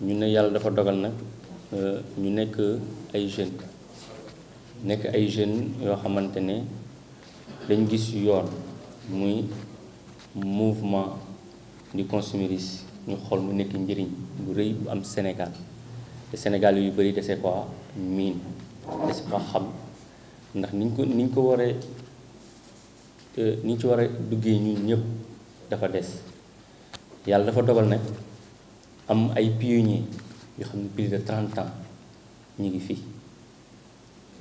ñu ne yàlla dafa dogal nag euh, ñu nekk ay jeunes nekk ay jeunes yoo xamante ne dañ gis yoon muy mouvement di consumérisme ñu xool mu nekk njëriñ bu rëy bu am Sénégal te Sénégal yu bëri desee ko miin dese ko xam ndax niñ ko niñ ko waree euh, niñ ci war duggee ñu ñëpp dafa des yàlla dafa dogal nag am ay pionniers yoo xam ne plus de 30 ans ñu ngi fi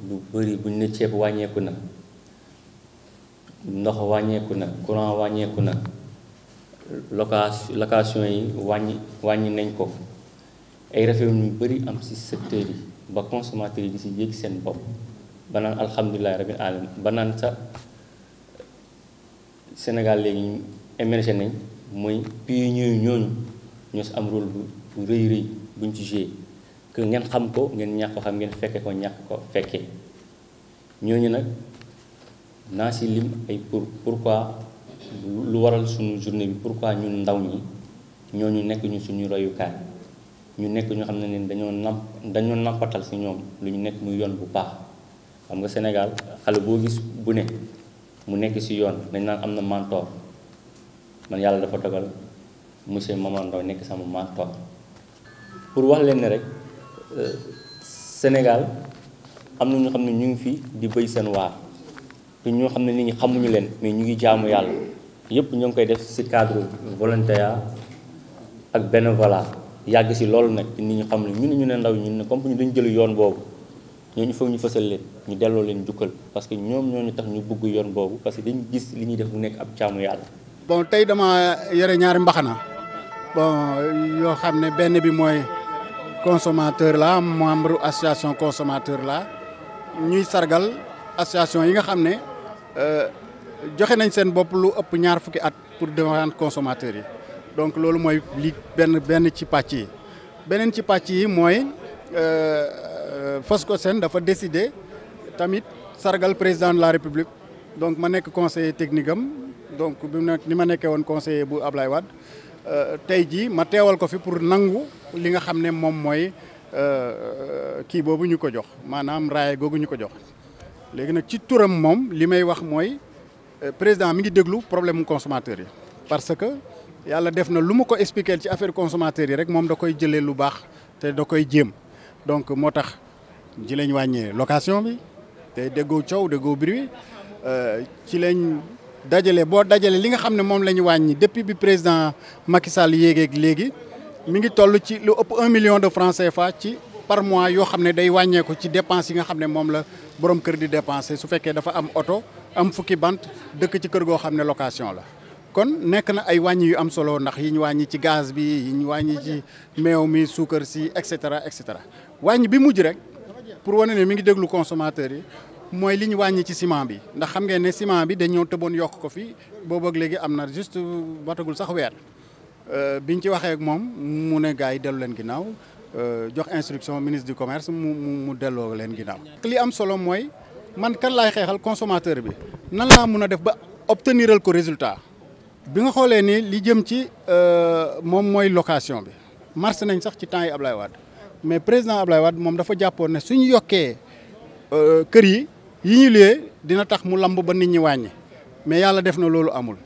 lu bëri buñ ne ceeb wàññeeku na ndox wàññeeku na courant wàññeeku na location location yi wàññi wàññi nañ ko ay rafet yu bëri am ci secteur yi ba consommateur yi di ci yëg seen bopp ba naan alhamdulilah rabbil alamin sa Sénégal léegi émergé nañ mooy pionniers ñooñu. ñoo si am rôle bu rëy rëy buñ ci joué que ngeen xam ko ngeen ñàkk ko xam ngeen fekke ko ñàkk ko fekkee ñooñu nag naa si lim ay pour pourquoi lu waral suñu journée bi pourquoi ñun ndaw ñi ñooñu nekk ñu suñu royukaay ñu nekk ñu xam ne ne dañoo namp dañoo nampatal si ñoom lu ñu nekk muy yoon bu baax xam nga Sénégal xale boo gis bu ne mu nekk si yoon dañ naan am na mentor man yàlla dafa dogal monsieur Momar Ndao nekk sama mentor pour wax leen ne rek euh, Sénégal am na ñu xam ne ñu ngi fi di béy seen waar te ñoo xam ne nit ñi xamuñu leen mais ñu ngi jaamu yàlla yëpp ñoo ngi koy def ci cadre volontariat ak bénévolat yàgg ci loolu nag nit ñi xam ne ñun ñu ne ndaw ñun ne comme ñu dañu jël yoon boobu ñooñu foog ñu fësal leen ñu delloo leen jukkal parce que ñoom ñoo ñu tax ñu bëgg yoon boobu parce que dañu gis li ñuy def mu nekk ab jaamu yàlla. bon tey dama yore ñaari mbaxana bon yoo xam ne benn bi mooy consommateur la membre association consommateur la ñuy sargal association yi nga xam ne euh, joxe nañ seen bopp lu ëpp ñaar fukki at pour devant consommateur yi donc loolu mooy li benn benn ci pàcc yi beneen ci pàcc yi mooy ko euh, seen dafa décider tamit sargal président de la république donc ma nekk conseiller technique am donc bi mu nekk ni ma nekkee woon conseiller bu Ablaye Wade Euh, tey jii ma teewal ko fi pour nangu li nga xam ne moom mooy euh, euh, kii boobu ñu ko jox maanaam raaye googu ñu ko jox léegi nag ci turam moom li may wax mooy président mi ngi déglu problème mu yi parce que yàlla def na lu ma ko expliquer ci affaire consommateur yi rek moom da koy jëlee lu baax te da koy jéem donc moo tax ci lañ wàññee location bi te déggoo coow déggoo bruit ci lañ dajale boo dajale li nga xam ne moom la ñu wàññi depuis bi président Macky Sall yéegeeg léegi mu ngi toll ci lu ëpp un million de francais CFA ci par mois yoo xam ne day wàññeeku ci dépense yi nga xam ne moom la borom kër di dépensé su fekkee dafa am oto am fukki bant dëkk ci kër goo xam ne location la. kon nekk na ay wàññi yu am solo ndax yi ñu wàññi ci gaz bi yi ñu wàññi ci meew mi suukar si et cetera et cetera wàññi bi mujj rek pour wane ne mi ngi déglu consommateur yi. mooy li ñu wàññi ci ciment bi ndax xam ngeen ne ciment bi dañoo tëboon yokk ko fi boobook léegi am na juste batagul sax weer euh, biñ ci waxee ak moom mu ne gars yi dellu leen ginnaaw euh, jox instruction ministre du commerce mu mu delloo leen ginnaaw. li am solo mooy man kan laay xeexal consommateur bi nan laa mun a def ba obteniral ko résultat bi nga xoolee nii li jëm ci euh, moom mooy location bi mars nañ sax ci temps yi ab lay waat mais président Ablaye Wade moom dafa jàppoon ne suñu yokkee kër yi. yi ñu liyee dina tax mu lamb ba nit ñi wàññi mais yàlla def na loolu amul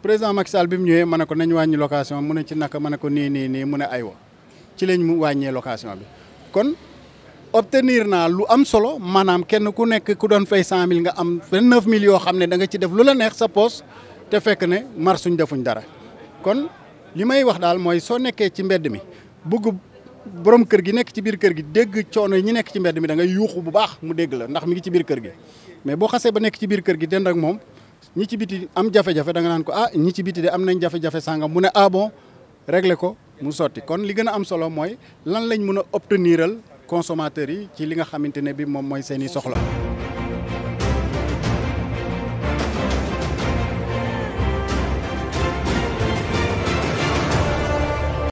président Macky Sall bi mu ñëwee ma ne ko nañ wàññi location mu ne ci naka ma ne ko nii nii nii mu ne aywa ci lañ mu wàññee location bi kon obtenir naa lu am solo maanaam kenn ku nekk ku doon fay cent mille nga am vingt-neuf mille yoo xam ne danga ci def lu la neex sa poos te fekk ne marsuñ defuñ dara kon li may wax daal mooy soo nekkee ci mbedd mi bëgg borom kër gi nekk ci biir kër gi dégg coono yi ñu nekk ci mbedd mi da ngay yuuxu bu baax mu dégg la ndax mi ngi ci biir kër gi mais boo xasee ba nekk ci biir kër gi dend ak moom ñi ci biti am jafe-jafe da nga ko ah ñi ci biti de am nañ jafe-jafe sàngam mu ne ah bon ko mu sotti kon li gën a am solo mooy lan lañ mun a obteniral consommateurs yi ci li nga xamante ne bi moom mooy seen i soxla